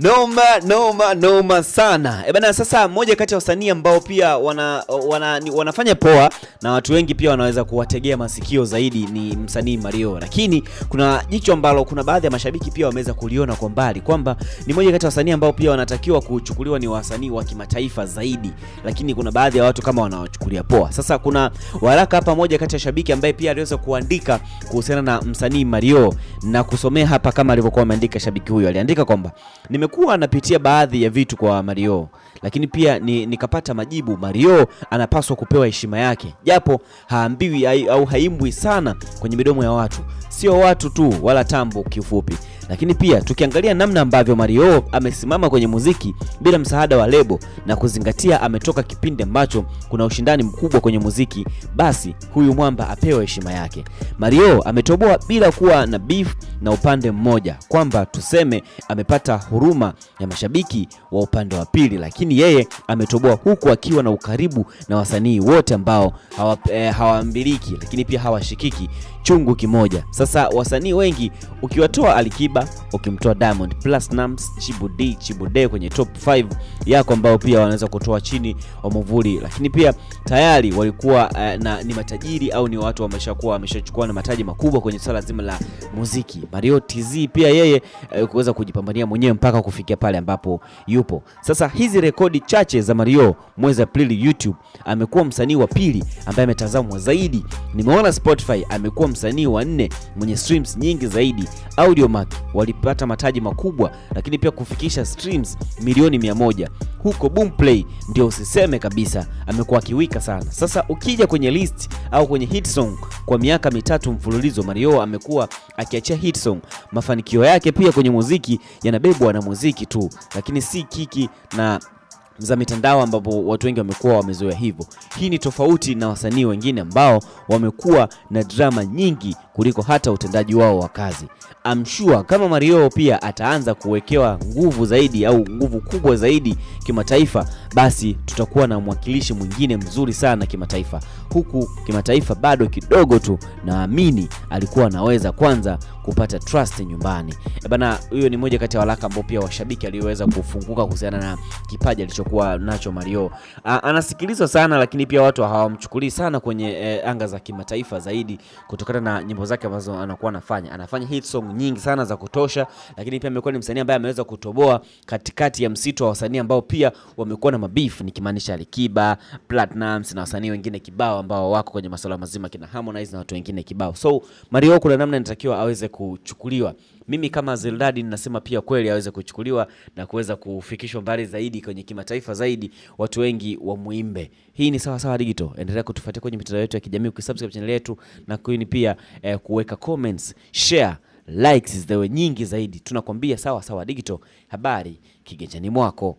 Noma noma noma sana. E bana, sasa mmoja kati ya wasanii ambao pia wana, wana, wanafanya poa na watu wengi pia wanaweza kuwategea masikio zaidi ni msanii Mario, lakini kuna jicho ambalo kuna baadhi ya mashabiki pia wameweza kuliona kwa mbali kwamba ni mmoja kati ya wasanii ambao pia wanatakiwa kuchukuliwa ni wasanii wa kimataifa zaidi, lakini kuna baadhi ya watu kama wanawachukulia poa. Sasa kuna waraka hapa, moja kati ya shabiki ambaye pia aliweza kuandika kuhusiana na msanii Mario na kusomea hapa kama alivyokuwa ameandika shabiki huyo, aliandika kwamba nimekuwa anapitia baadhi ya vitu kwa Mario, lakini pia ni, nikapata majibu Mario anapaswa kupewa heshima yake, japo haambiwi au haimbwi sana kwenye midomo ya watu, sio watu tu wala tambo kiufupi. Lakini pia tukiangalia namna ambavyo Mario amesimama kwenye muziki bila msaada wa lebo na kuzingatia ametoka kipindi ambacho kuna ushindani mkubwa kwenye muziki, basi huyu mwamba apewe heshima yake. Mario ametoboa bila kuwa na beef na upande mmoja, kwamba tuseme amepata huruma ya mashabiki wa upande wa pili, lakini yeye ametoboa huku akiwa na ukaribu na wasanii wote ambao hawaambiliki, eh, lakini pia hawashikiki chungu kimoja. Sasa sasa wasanii wengi ukiwatoa Alikiba, ukimtoa Diamond Platnumz, Chibu D kwenye top 5 yako ambao pia wanaweza kutoa chini wa mvuli, lakini pia tayari walikuwa uh, na, ni matajiri au ni watu wameshakuwa wameshachukua na mataji makubwa kwenye swala zima la muziki. Mario TZ pia yeye uh, kuweza kujipambania mwenyewe mpaka kufikia pale ambapo yupo sasa. Hizi rekodi chache za Mario, mwezi Aprili YouTube amekuwa msanii wa pili ambaye ametazamwa zaidi. Nimeona Spotify amekuwa msanii wa nne mwenye streams nyingi zaidi. Audiomack walipata mataji makubwa, lakini pia kufikisha streams milioni mia moja huko Boomplay ndio usiseme kabisa, amekuwa akiwika sana. Sasa ukija kwenye list au kwenye hit song, kwa miaka mitatu mfululizo Mario amekuwa akiachia hit song. Mafanikio yake pia kwenye muziki yanabebwa na muziki tu, lakini si kiki na za mitandao ambapo watu wengi wamekuwa wamezoea hivyo. Hii ni tofauti na wasanii wengine ambao wamekuwa na drama nyingi kuliko hata utendaji wao wa kazi. I'm sure kama Marioo pia ataanza kuwekewa nguvu zaidi au nguvu kubwa zaidi kimataifa, basi tutakuwa na mwakilishi mwingine mzuri sana kimataifa. Huku kimataifa bado kidogo tu, naamini alikuwa anaweza kwanza kupata trust nyumbani. E bana, huyo ni moja kati ya waraka ambao pia washabiki aliweza kufunguka kuhusiana na kipaji alichokuwa nacho Mario. A, anasikilizwa sana lakini pia watu hawamchukulii sana kwenye e, anga za kimataifa zaidi kutokana na nyimbo zake ambazo anakuwa anafanya. Anafanya hit song nyingi sana za kutosha, lakini pia amekuwa ni msanii ambaye ameweza kutoboa katikati ya msitu wa wasanii ambao pia wamekuwa na mabifu, nikimaanisha Alikiba, Platnumz na wasanii wengine kibao ambao wako kwenye masuala mazima kina Harmonize na watu wengine kibao. So Mario kuna namna inatakiwa aweze kuchukuliwa. Mimi kama Zeldadi ninasema pia kweli aweze kuchukuliwa na kuweza kufikishwa mbali zaidi kwenye kimataifa zaidi, watu wengi wamuimbe. Hii ni sawa sawa digital. Endelea kutufuatia kwenye mitandao yetu ya kijamii, ukisubscribe channel yetu na kuini pia eh, kuweka comments, share, likes ziwe nyingi zaidi. Tunakwambia sawa sawa digital, habari kiganjani mwako.